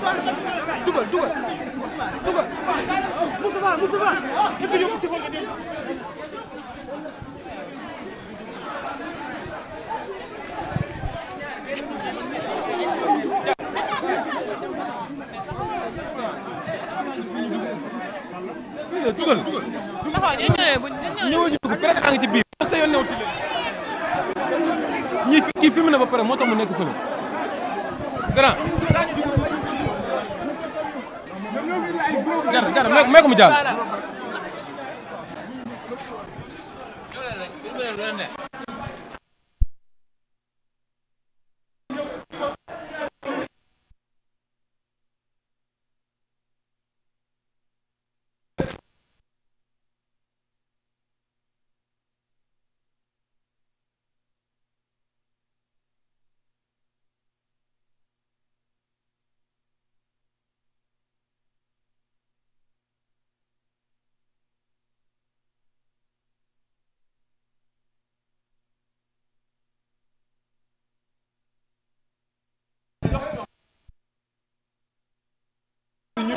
dugal dugal dugal Moustapha ngi ci biir sa yoon new ci leen ñi kii filmé na ba pare moo tax mu nekk fële grand jar jar may ko mu jàll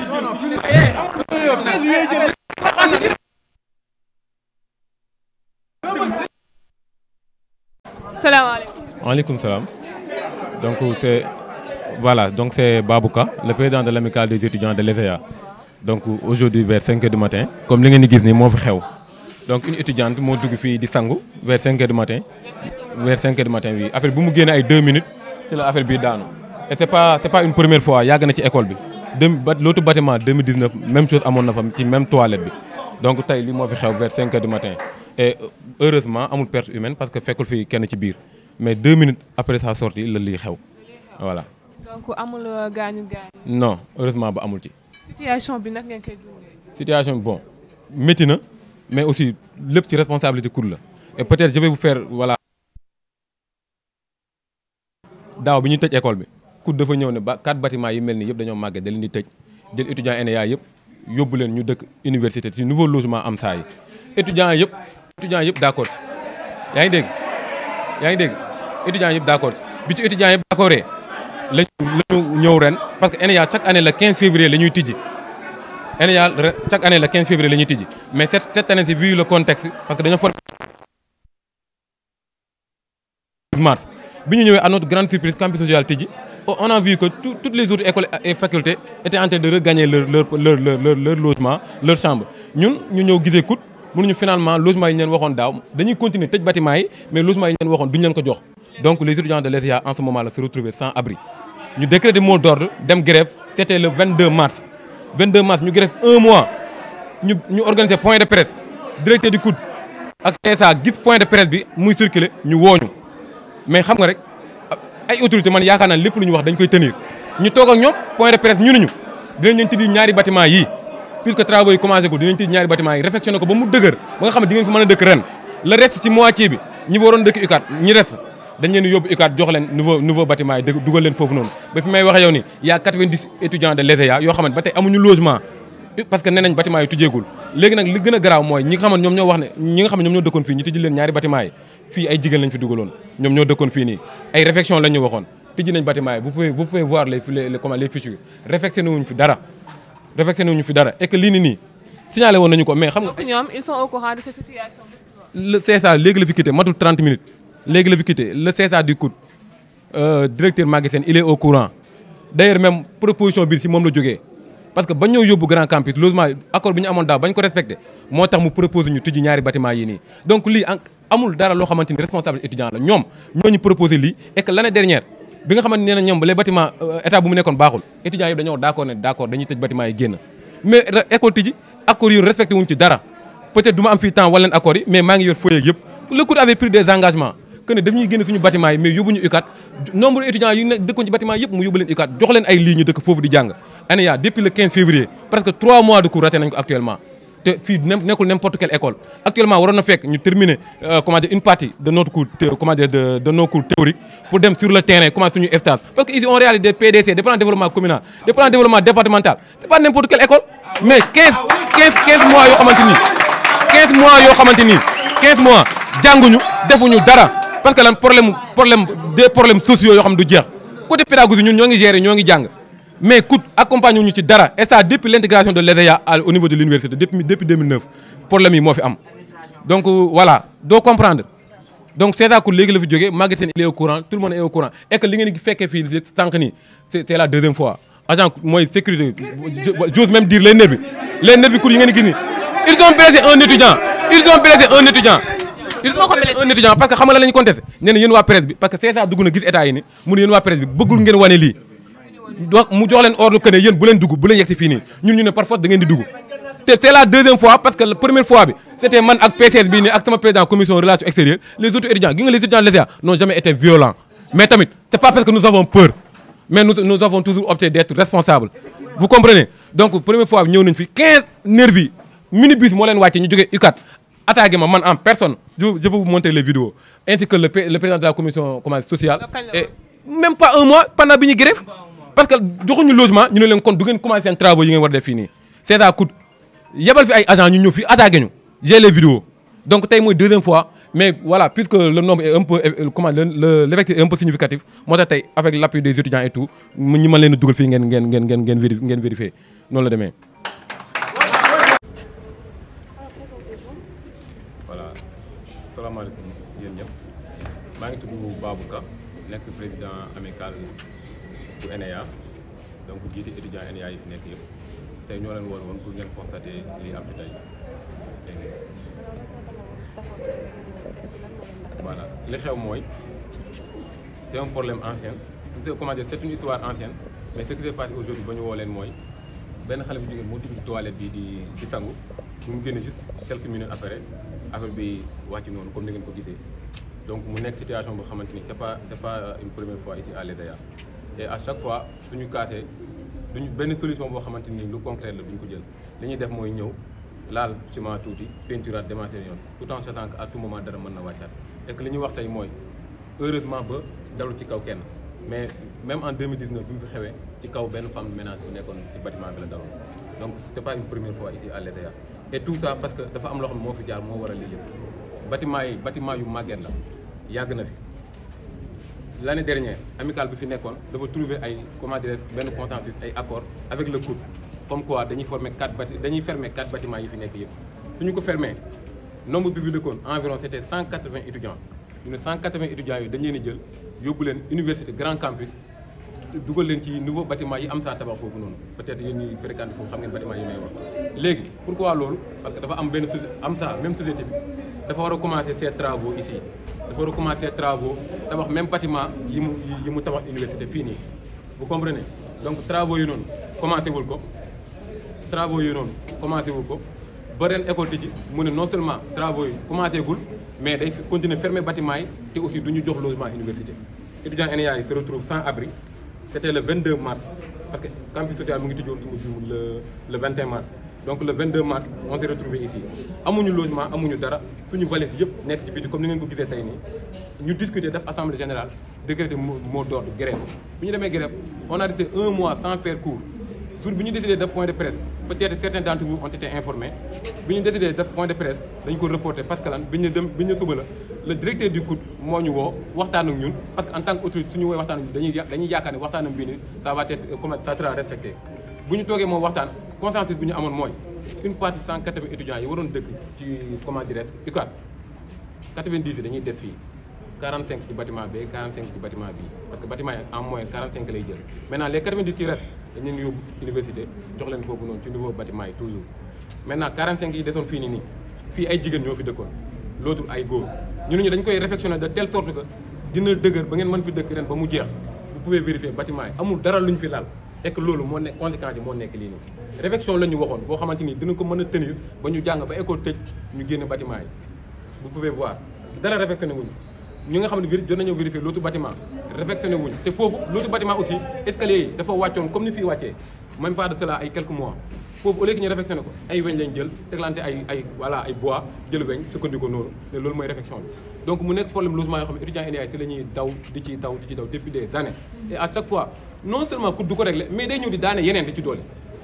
salaamaaleykum. maaleykum salaam. donc c'est voilà donc c'est Babouka le président de l'amicale des étudiants de l'ESEA donc aujourd'hui vers 5 du matin comme li ngeen di gis nii moo fi xew donc une étudiante moo dugg fii di sangu vers 5 heures du matin. vers 5 heures du matin oui après bu mu génnee ay 2 minutes ci la affaire bi daanu et c'est pas c'est pas une première fois yàgg na ci école bi. dem ba l'autre bâtiment 2019 même chose amoon na fa ci même toilette bi donc tey li moo fi xew vers 5 heures du matin et heureusement amul perte humaine parce que fekkul fii kenn ci biir mais deux minutes après sa sortie la lii xew voilà. donc amul euh, gaañu gaañu. non heureusement ba amul ci. situation bi nag ngeen koy dundee. situation bi bon métti na mais aussi lépp ci responsabilité kur la et peut-être je bu vous faire voilà. daaw bi ñu tëj école bi. COUD dafa ñëw ne ba quatre bâtiment yi mel nii yëpp dañoo màgget da leen di tëj jël étudiant ENEA yëpp yóbbu leen ñu dëkk université ci nouveau logement am saa yi étudiant yëpp étudiant yëpp d' accord yaa ngi dégg yaa ngi dégg étudiant yëpp d' accord bi tu étudiant yëpp d' accordee lañu ñëw ren parce que ENEA chaque année le 15 février la ñuy tijji ENEA chaque année le 15 février la ñuy tijji mais cette cette année ci vu le contexte parce que dañoo formé mars bi ñu ñëwee à notre grande surprise campus social on a vu que tout, toutes les autres écoles et facultés étaient en train de regagner leur leur leur leur leur logement leur chambre ñun ñu ñëw gisee kut mënuñu finalement logement yi ñu leen waxoon daaw dañuy continuer tëj bâtiment yi mais logement yi ñu leen waxoon duñu leen ko jox donc les étudiants de l'ESIA en ce moment là se retrouvaient sans abri ñu décrété mot d'ordre dem grève c'était le 22 mars 22 mars ñu grève un mois ñu ñu organiser point de presse directeur du COUD ak CSA gis point de presse bi muy circuler ñu wooñu mais xam nga rek ay autorité man yaakaar naa lépp lu ñu wax dañ koy tenir ñu toog ñoom point de presse ñu ne ñu dinañ leen tijji ñaari bâtiment yii puisque travaux yi commencé ko dinañ tijji ñaari bâtiment yi réfectionné ko ba mu dëgër ba nga xam ne di ngeen a dëkk ren le reste ci moitié bi ñi waroon dëkk UCAD ñi reste dañ leen yóbbu UCAD jox nouveau nouveau yi dugal leen foofu noonu ba fi may waxe yow ni y'a 90 étudiants de l'ESEA yoo xamante ba léegi nag li gën a garaaw mooy ñi nga ñoom ñoo wax ne ñi nga xam ne ñoom ñoo dëkkoon fii ñu tijji leen ñaari bâtiment yi fii ay jigéen lañ fi dugaloon ñoom ñoo dëkkoon fii nii ay réfection lañ ñu waxoon tijji nañ bâtiment yi vous pouvez vous pouvez voir les les comment les fichiers réfectionné fi dara réfectionné wuñ fi lii ni nii signalé woon nañu ko mais xam nga ñoom ils sont au courant de léegi la fi quitté matul 30 minutes léegi la fi quitté le CSA du coup euh, directeur magasin il au courant d'ailleurs même proposition bi si moom la jógee parce que bañ ñoo yóbbu grand campus logement accord bi ñu amoon daaw bañ ko respecté moo tax mu proposé ñu tijji ñaari bâtiment yi nii donc lii amul dara loo xamante ni responsable étudiant la ñoom ñoo ñu lii et que l'année bi nga xamante ne ñoom les bâtiment euh, état bu mu nekkoon baaxul étudiants yi dañoo d'accord ne d'accord dañuy tëj bâtiment yi génn mais école tijji accords yi respecté wuñ ci dara peut du ma am fii temps wala leen yi mais maa ANIA e depuis le 15 février presque 3 mois de cours raté actuellement te fii nekkul n'importe quelle école actuellement waroon na fekk ñu terminer euh, comment dire une partie de notre cours comment pour dem sur le terrain commencer suñu stage parce que ici on réalise des PDC des plans de développement communal des plans de développement école mais 15 mois yoo xamante ni 15 mois yoo xamante ni 15 mois defuñu dara parce que lan problème problème des problèmes sociaux xam du jeex côté ñoo ngi gérer ñoo ngi jàng. mais coûte accompagne ñu ci dara et ça depuis l' intégration de l'ESEA au niveau de l'université depuis depuis 2009 problème yi moo fi am donc euh, voilà doo comprendre donc CESA ku léegi la fi jógee Maguette Sène il est au courant tout le monde est au courant et que li ngeen di fekkee fii sànq nii c'est la deuxième fois agent sécurité j'ose même dire les nervis les nervis cour yi ngeen gis nii ils ont blessé un étudiant ils ont blessé un étudiant ils ont blessé un étudiant parce wane lii wax mu jox leen ne yéen bu leen dugg bu leen yegsi ñu ne par force di dugg te c'est deuxième fois parce que la première fois bi c'était man ak PCS bii ak sama président commission relations extérieures les autres étudiants gi nga les étudiants de l'ESA n'ont jamais été violents mais tamit pas parce que nous avons peur mais nous nous avons toujours opté d'être responsables vous comprenez donc première fois bi ñëw nañ parce que joxuñu logement ñu ne leen kon du ngeen commencé seen travaux yi ngeen war def fii nii c'est ça fi ay agent ñu ñëw fii attaqué ñu j'ai les vidéos donc tey mooy deuxième fois mais voilà puisque le nombre est un peu euh, comment le l'effectif significatif moo tax tey avec l'appui des étudiants et tout ñi mën leen a dugal fii ngeen ngeen ngeen ngeen ngeen ngeen vérifier noonu la demee maa ngi tudd président bu ENEA donc jiite étudiants ENEA yi fi nekk yëpp te ñoo leen woon woon pour ngeen constater lii am ci li xew mooy c'est un problème ancien comment dire c'est une histoire ancienne mais ce qui s'est passé aujourd'hui ba ñu woo leen mooy benn xale bu jigéen moo dugg ci toilette bi di ci sangu mu génne juste quelques minutes après affaire bi wàcc noonu comme ni ngeen ko gisee donc mu nekk situation boo xamante ni c'est pas c'est pas une première fois ici à l'EDEA et à chaque fois suñu kaasee ñu benn solution boo xamante ni lu concret la duñ ko jël li ñuy def mooy ñëw laal ciment tuuti peinturaat démantelé yoon tout en sachant que à tout moment dara mën na wàccaat et que li ñuy wax tey mooy heureusement ba dalu ci kaw kenn mais même en 2019 bi mu fi xewee ci kaw benn femme de bu nekkoon ci bâtiment bi la daloon donc c'était pas une première fois ici à l'ETA et tout ça parce que dafa am loo xam ne moo fi jaar moo waral lii lépp yu màgget yàgg na fi l' année dernière bi fi nekkoon dafa trouver ay comment dirais benn consensus ay accord avec le groupe comme quoi dañuy former quatre bati dañuy fermer quatre bâtiments yi fi nekk yëpp su ñu ko fermé nombre bi fi dëkkoon environ c' était cent quatre vingt étudiants ñu ne cent quatre vingt étudiants yooyu dañu leen di jël yóbbu leen université grand campus dugal leen ci nouveau bâtiment yi am saa tabax foofu noonu peut-être yéen ñuy fréquenté xam ngeen bâtiment que dafa am benn am saa même a commencer ses travaux ici dafa war a commencer travaux tabax même batiment yi mu yi mu tabax université fii nii bu comprenez donc travaux yi noonu commencé wul ko travaux yi noonu commencé wul ko ba ren école tijji mu ne non seulement travaux yi commencé gul mais day continuer fermer bâtiment yi te aussi du ñu jox logement université étudiants NIA yi se retrouve sans abri c'était le 22 mars parce que campus social mu ngi tijjoon suñu le le 21 mars donc le 22 mars on s'est retrouvé ici amuñu logement amuñu dara suñu valise yëpp nekk ci biti comme ni ngeen ko gisee tey nii ñu discuter def assemblée générale décréter mot d'ordre grève bi ñu demee grève on un mois sans faire cours jour bi ñu décidé def point de presse peut-être certains d'entre vous ont été ñu décidé def point de presse dañ ko reporter parce que lan bi ñu dem bi ñu suba la le directeur du COUD moo ñu woo waxtaan ak ñun parce que euh, ñu toogee moom waxtaan consensus bi ñu amoon mooy une partie cent quatre-vingts étudiants yi waroon dëkk ci comment dirais je UCAD quatre-vingt-dix yi dañuy des fii 45 ci bâtiment B 45 ci bâtiment bi parce que bâtiment yi en moyenne 45 lay jël maintenant les 90 yi restent dañu leen université jox foofu noonu ci niveau bâtiment yi toujours maintenant 45 yi desoon fii nii nii fii ay jigéen ñoo fi dëkkoon l'autre ay góor ñu ne ñu dañu koy réfectionner de telle sorte que dina dëgër ba ngeen mën fi dëkk ren ba et loolu moo nekk conséquence yi moo nekk lii nii réflexion la waxoon boo xamante ni dina ko mën a tenir ba ñu jàng ba école tëj ñu génn bâtiment yi vous pouvez nga xam ne jot nañoo vérifier l'autre bâtiment réfectionné wuñu te foofu l'autre bâtiment dafa wàccoon comme ni fii wàccee même pas de cela ay quelques mois foofu au lieu weñ lañ jël teglante ay ay voilà ay bois jël weñ sukkandiku noonu loolu mooy réflexion bi donc mu nekk problème logement yoo xam ne étudiants NIA daw di ci daw di ci daw depuis des années et à chaque fois non seulement ku du ko réglé mais day ñëw di daane yeneen di ci doole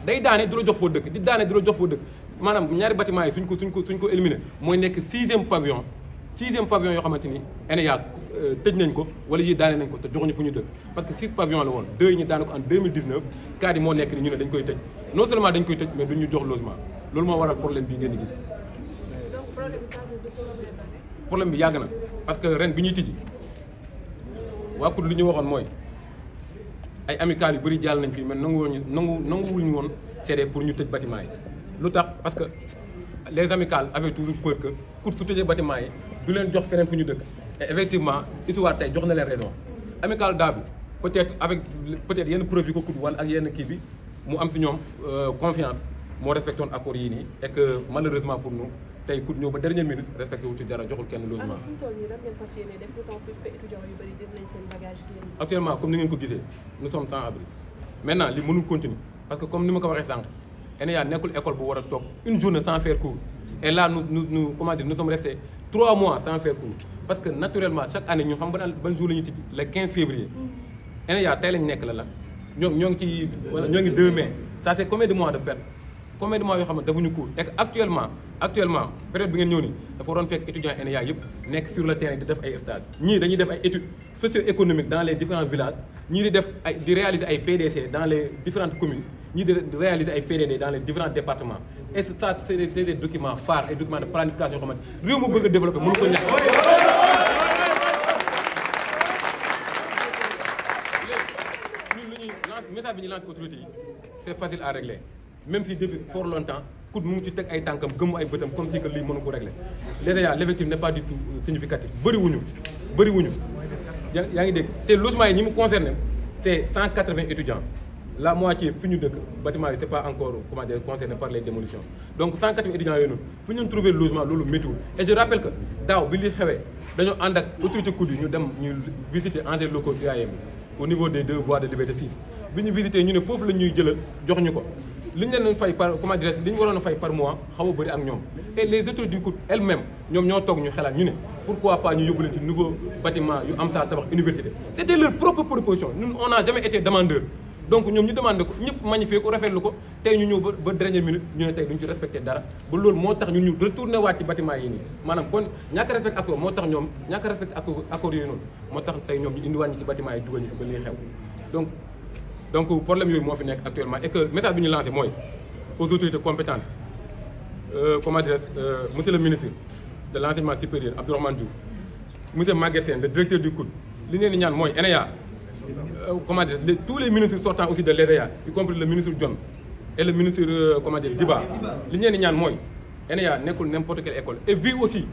day daane du la jox foo dëkk di daane du la jox foo dëkk maanaam ñaari bâtiment yi suñ ko suñ ko suñ ko éliminé mooy nekk sixième pavillon sixième pavillon yoo xamante ni ENEA euh, tëj nañ ko wala yi daane nañ ko te joxuñu fu ñu dëkk parce que six pavillon la woon deux yi ñu daane ko en 2019 cas yi moo nekk ni ñu ne dañ koy tëj non seulement dañ koy tëj mais duñ ñu jox logement loolu moo waral problème bii ngeen di gis problème bi yàgg na parce que ren bi ñuy tijji waa COUD li ñu waxoon mooy ay amicale yu bëri jàll nañ fii mais nanguwuñu nangu ñu woon seede pour ñu tëj bâtiment yi lu tax parce que les amicales avaient toujours peur que pour su tëjee bâtiment yi du leen jox feneen fu ñu dëkk et effectivement histoire tey jox na leen raison amicale daa bi peut-être avec peut-être yenn preuve yu ko kut wala ak yenn kii bi mu am si ñoom euh, confiance moo respecté woon accords yii nii et que malheureusement pour nous tey ku ñëw ba dernière minute respecté wu ci dara joxul kenn logement. Ah, alors actuellement comme ni ngeen ko gisee nous sommes sans abri maintenant li mënul continuer parce que comme ni ma ko waxee sànq ENEA nekkul école bu war a toog une journée sans faire cours et là nous nous nous comment dire nous trois mois sans faire cours parce que naturellement chaque année ñu xam ban ban jour la ñuy tibbi le 15 février. Mm. ENEA tey lañ nekk la la ñoo ngi ci ñoo ngi 2 mai ça c'est combien mois de perte. combien de mois yoo xam ne defuñu cours et actuellement actuellement période bi ngeen ñëw ni dafa waroon fekk étudiants ENA yëpp nekk sur le terrain di def ay stage ñii dañuy def ay études socio-économiques dans les différents villages ñii di def ay di réaliser ay PDC dans les différentes communes ñii di réaliser ay PDD dans les différents départements et c'est des documents phares ay documents de planification yoo xamante réew mu bëgg a développer mënu ko ñàkk message bi ñu lancé autorité yi c'est à régler même si depuis fort longtemps COUD mu ngi ci teg ay tànkam gëmm ay bëtam comme si que lii mënu ko régler l'ETA l'effectif n'est pas du tout euh, significatif bëri wuñu yaa ngi dégg te logement yi ñi mu concerné c'est cent quatre-vingts étudiants la moitié fi ñu dëkk bâtiment yi c'est pas encore comment dire par les démolitions donc 180 étudiants yooyu noonu fu ñu trouver logement loolu météo et je rappelle que daaw bi li xewee dañoo ànd ak autorité yi ñu dem ñu visiter anciens locaux UAM au niveau des de liberté 6 bi ñu ne foofu la ñuy jëlal jox ko li ñu leen fay par comment dirais li ñu waroon a fay par mois xaw a ak ñoom et les autorités du coup elles-mêmes ñoom ñoo toog ñu xalaat ñu ne pourquoi pas ñu yóbbu leen ci nouveau bâtiment yu am saa tabax ñu ko ñëpp magnifié ko rafetlu ko tey ñu ñëw ba ba dernière minute ne tey duñu ci respecté dara ba loolu moo tax ñu ñu retourné waat ci bâtiment yi nii maanaam kon ñàkk respect accord moo tax ñoom ñàkk respect accord yooyu noonu moo tax tey ñoom ñu indiwaat ñi ci bâtiment yi dugal ñu ba liy xew donc problème yooyu moo fi nekk actuellement et que message bi ñu lancé mooy aux autorités compétentes euh, comment dirais euh, monsieur le ministre de l' enseignement supérieur Abdourahmane Diouf monsieur Maguette Sène le directeur du COUD li ñu leen ñaan mooy ENEA euh, comment dirais tous les ministres sortants aussi de l'ENEA y compris le ministre Dione et le ministre comment dirais Diba li ñu leen ñaan mooy ENEA nekkul n'importe quelle école et vu aussi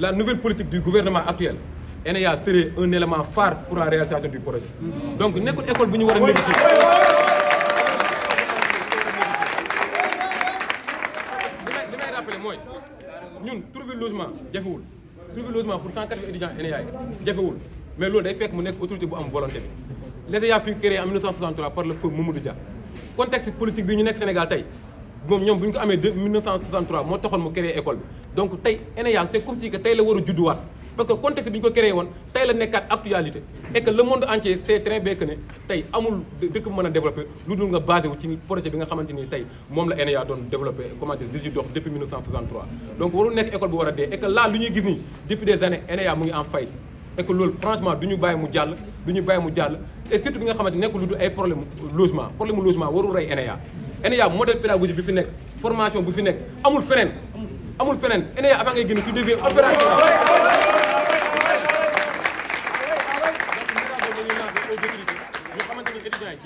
la nouvelle politique du gouvernement ENEA serait un élément phare pour la réalisation du projet. donc nekkul école bu ñu war a négocier. li may li may rappelé mooy ñun trouver logement jafewul trouver logement pour 180 étudiants ENEA yi jafewul mais loolu day fekk mu nekk autorité bu am volonté bi. l'ENEA fut créé en 1963 par le feu contexte politique bi ñu nekk Sénégal tey. moom ñoom bu ñu ko amee 1963 moo taxoon mu créé école bi donc tey ENEA c'est comme si que tey la war a judduwaat. parce que contexte bi ñu ko créé woon tey la nekkaat actualité et que monde entier c'est très bien que ne tey amul dëkk mën a développé lu dul nga basé wu bi nga xamante ni tey moom la ENEA doon développé comment dire li ci dox depuis 1963 donc warul nekk école bu war a dee et que là lu ñuy gis nii depuis des années ENEA mu ngi en faillite et loolu franchement du ñu bàyyi mu jàll du ñu bàyyi mu jàll et surtout bi nga xamante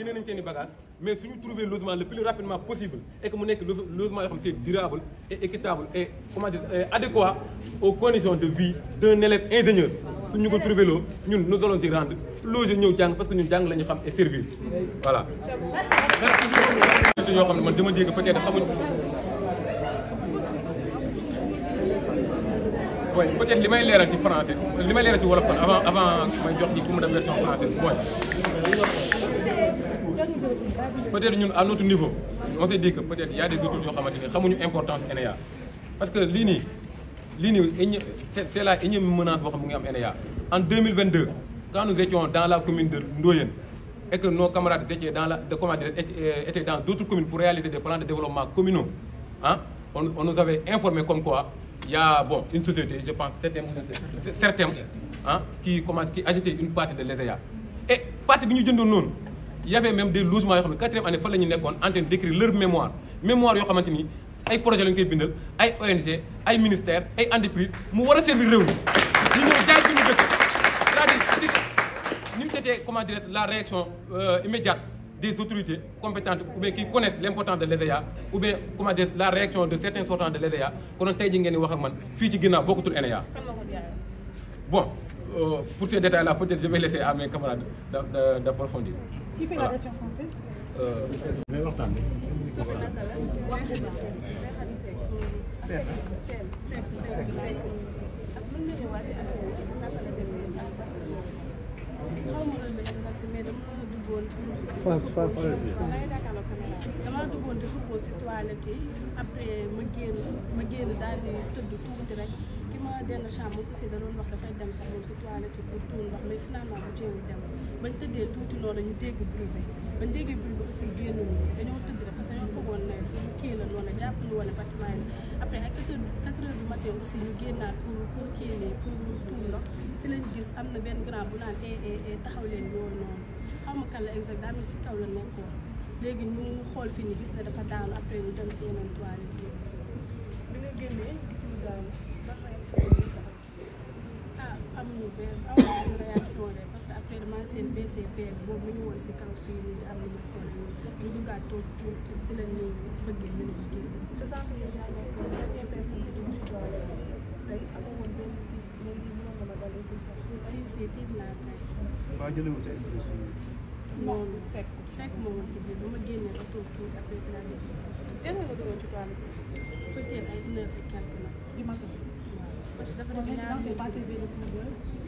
jëndee nañ seen i bagage mais suñu trouver logement le plus rapidement possible et que mu nekk logement yoo xam c'est durable et équitable et comment dire adéquat aux conditions de vie d'un élève ingénieur suñu ko trouver loo ñun nous allons y rendre loger ñëw jàng parce que ñun jàng la ñu xam e servir voilà ñoo xam ne man dama dégg peut-être xamuñu mooy peut-être li may leeral ci français li may leeral ci wolof kon avant avant may jox ci pour mu def version française mooy peut-être ñun à notre niveau on s'est dit que peut-être y a e parce que lii nii lii nii c'est la énième menace boo xam mu ngi am NEA en 2022 quand nous étions dans la commune de Ndoyen et que nos camarades étaient dans d'autres communes pour réaliser des plans de développement communaux ah nous avait informé comme quoi il y a bon une société je pense certains certains ah qui comment qui agitait une partie de l'ESEA et partie bi ñu jëndoon noonu y avait même de logements yoo xam ne quatrième année fa la ñu nekkoon en train d'écrire leur mémoire mémoire yoo xamante ni ay projet lañ koy bindal ay ONG ay ministère ay entreprise mu war a servir réew mi ñu ñëw jaay suñu dëkk cest à comment dire la réaction euh, immédiate des autorités compétentes ou bien qui connaissent l'importance de l'ESEA ou bien comment dire la réaction de certains sortants de l'ESEA konoon tey ji ngeen di wax a man fii ci ginnaaw bokkatul ENEA bon euh, pour ces détails là peut qui fait la version française. face euh, face. damaa duggoon di xëppoo si toilette yi après ma génn ma génn daal di tëdd tuuti rek. benn chambre bu si da doon wax dafay dem sax moom si toilette pour tuur ndox mais finalement bu teewul dem bañ tëddee tuuti noonu ñu dégg bruit bi bañ déggee bruit bi aussi génn ñu dañoo tëdd rek parce que dañoo foogoon ne kii la noonu génnaat pour pour kii nii pour tuur ndox si gis am na benn grand bu naan ee eh, eh, eh, taxaw leen loolu la exact daa si kaw la nekkoon léegi ñu xool fi ñu gis ne dafa daanu après ñu dem si yeneen toilette yi BCPM aw ma am réaction de parce que après damaa seen BCPM boobu ñu woon si kaw fii nii di am lu ñu xool ñu duggaat tuuti tuuti si la ñuy fëggee ñu ne kii. su sant yow yaa nekk première personne bi ñu si doole tey amoo woon benn tiit mais lii mënoon na ma dal et tout ça. si si tiit laa kay. waa jëlee wu sa impression. non fekk fekk moom si biir ba ma génnee ba tuuti tuuti après si laa def. yéen nga duggoon ci toile bi. peut-être ay une heure et quelque la. du matin. parce que dafa nekk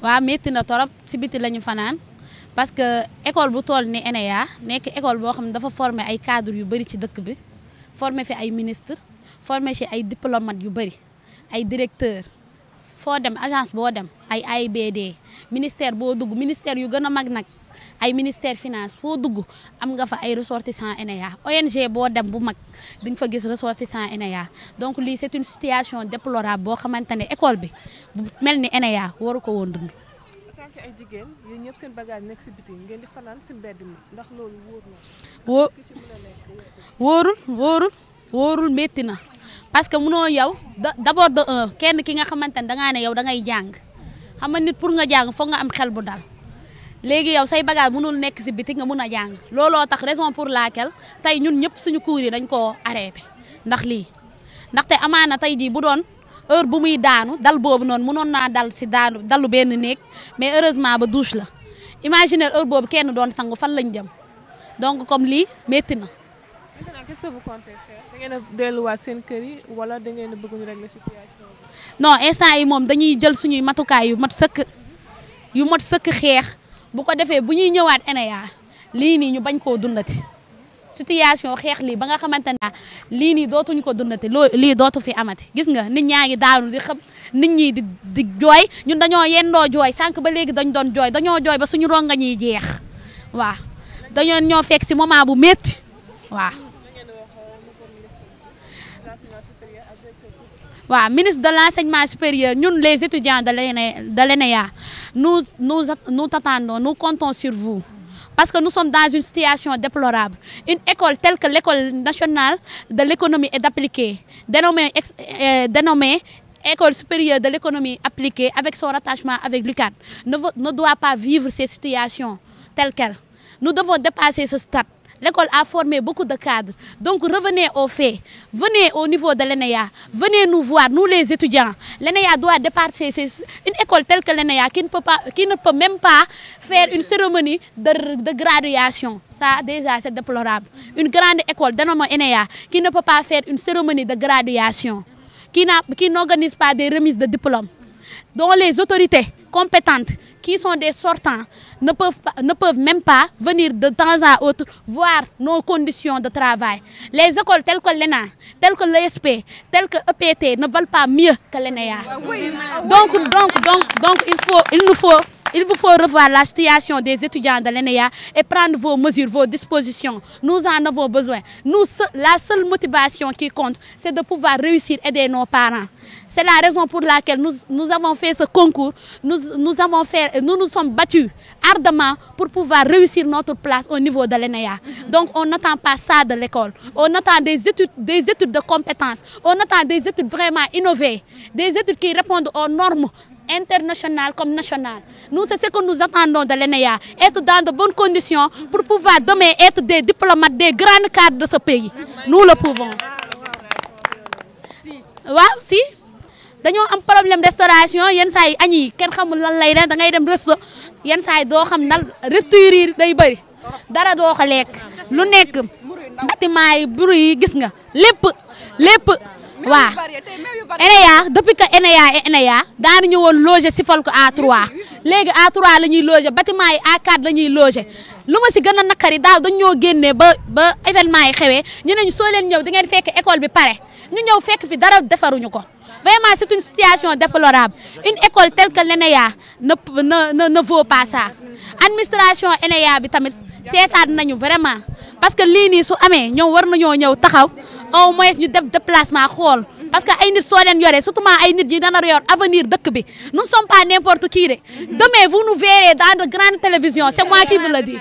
waaw métti na torop si biti la ñu fanaan parce que école bu toll ni ENEA nekk école boo xam ne dafa former ay cadre yu bëri ci dëkk bi former fi ay ministre former si ay diplomate yu bëri ay directeur foo dem agence boo dem ay AIBD ministère boo dugg ministère yu gën a mag nag ay ministère finance foo dugg am nga fa ay ressortissants n ONG boo dem bu mag di nga fa gis ressortissant ENEA donc lii c'est une situation déplorable boo xamante ne école bi mel ni ENEA waru ko woon dund. tànk ay jigéen yéen ñëpp seen bagage nekk ci biti ngeen di fanaan ci mbedd mi ndax loolu wóor na. wóor na parce que munoo yow d'abord de kenn ki nga xamante ne da ngaa ne yow da ngay jàng xam nga nit pour nga jàng foog nga am xel bu dal. léegi yow say bagage mënul nekk si biti nga mun a jàng looloo tax raison pour laquelle tey ñun ñëpp suñu cours yi dañ koo arrêté ndax lii ndaxte amaana tey jii bu doon heure bu muy daanu dal boobu noonu mënoon naa dal si daanu dalu benn néeg mais heureusement ba douche la imaginer heure boobu kenn doon sangu fan lañ jëm donc comme lii métti na. maintenant quest seen kër yi wala da ngeen a bëgg ñu régler situation bi. non instant yi moom dañuy jël suñuy matukaay yu mat sëkk mat sëkk xeex. bu ko defee bu ñuy ñëwaat ENEA lii nii ñu bañ koo dundati situation xeex lii ba nga xamante ne lii nii dootuñ ko dundati loo lii dootu fi amati gis nga nit ñaa ngi daanu di xam nit ñi di di jooy ñun dañoo yendoo jooy sànq ba léegi dañ doon jooy dañoo jooy ba suñu nga ñuy jeex waaw dañoo ñoo fekk si moment bu métti waaw waaw ministre de l'enseignement supérieur ñun les étudiants de de l'ENEA nous nous nous t'attendons nous comptons sur vous parce que nous sommes dans une situation déplorable une école telle que l'école nationale de l'économie et d'appliquée dénommée euh, école supérieure de l'économie appliquée avec son rattachement avec l'UCAD ne, ne doit pas vivre ces situations telles quelles nous devons dépasser ce stade L'école à formé beaucoup de cadres. Donc revenez au faits. Venez au niveau de l'ENEA. Venez nous voir, nous les étudiants. L'ENEA doit dépasser une école telle que l'ENEA qui, ne peut pas, qui ne même pas faire une cérémonie de, de graduation. Ça, déjà, c'est déplorable. Une grande école dénommée ENEA qui ne peut pas faire une cérémonie de graduation, qui n'organise pas des remises de diplômes, dont les autorités compétentes qui sont des sortants ne peuvent, pas, ne peuvent même pas venir de temps à autre voir nos conditions de travail. Les écoles telles que l'ENA, telles que l'ESP, telles que EPT ne valent pas mieux que l'ENEA. Donc, donc, donc, donc il, faut, il nous faut Il vous faut revoir la situation des étudiants de l'ENEA et prendre vos mesures, vos dispositions. Nous en avons besoin. Nous, la seule motivation qui compte, c'est de pouvoir réussir à aider nos parents. C'est la raison pour laquelle nous, nous avons fait ce concours, nous nous, avons fait, nous nous sommes battus ardemment pour pouvoir réussir notre place au niveau de l'ENEA. Donc on n'attend pas ça de l'école, on attend des études, de compétence on attend des études vraiment innovées, des études qui répondent aux normes international comme national. Nous, c'est ce que nous attendons de l'ENEA, être dans de bonnes conditions pour pouvoir demain être des diplomates, des grandes cadres de ce pays. Nous le waaw si dañoo am problème restauration yenn saa yi kenn xamul lan lay def da ngay dem resto yenn saa doo xam nan rupture day bëri dara doo ko lekk lu nekk bâtiment yi gis nga lépp waaw ENEA depuis que ENEA et ENEA daanu ñëwoon loger si Sifalco A3 léegi A3 la ñuy loger bâtiment yi A4 la ñuy loger lu ma si gën a naqari daaw dañ ñoo génnee ba ba événement yi xewee ñu ne ñu soo leen ñëw di ngeen fekk école bi pare ñu ñëw fekk fi dara defaruñu ko vraiment c'est une situation déplorable une école telle que l'ENEA ne ne ne vaut pas ça bi tamit seetaat nañu vraiment parce que lii nii su amee ñoom war na nañoo ñëw taxaw. au moins ñu def déplacement xool parce que ay nit soo leen yoree surtout ay nit yi dana yor avenir dëkk bi nous ne sommes pas n'importe qui de demain vous nous dans de grandes télévisions c'est moi qui vous le dis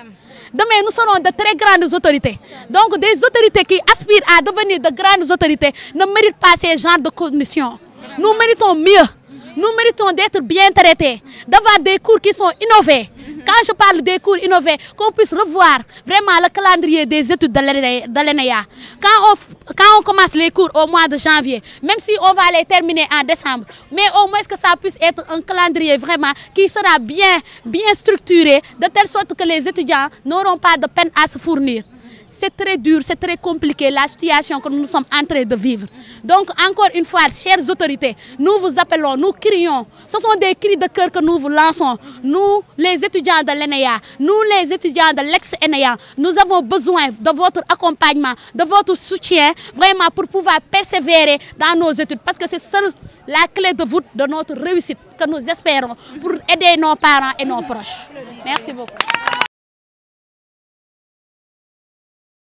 demain nous serons de très grandes autorités donc des autorités kii aspirent à devenir de grandes autorités ne méritent pas ces genres de conditions nous méritons mieux Nous méritons d'être bien traités, d'avoir des cours qui sont innovés. Quand je parle des cours innovés, qu'on puisse revoir vraiment le calendrier des études de l'ENEA. E quand quand on commence les cours au mois de janvier, même si on va les terminer en décembre, mais au moins que ça puisse être un calendrier vraiment qui sera bien, bien structuré, de telle sorte que les étudiants n'auront pas de peine à se fournir. c'est très dur, c'est très compliqué la situation que nous sommes en de vivre. Donc encore une fois, chères autorités, nous vous appelons, nous crions. Ce sont des cris de cœur que nous vous lançons. Nous, les étudiants de l'ENEA, nous les étudiants de l'ex-ENEA, nous avons besoin de votre accompagnement, de votre soutien, vraiment pour pouvoir persévérer dans nos études. Parce que c'est seule la clé de voûte de notre réussite que nous espérons pour aider nos parents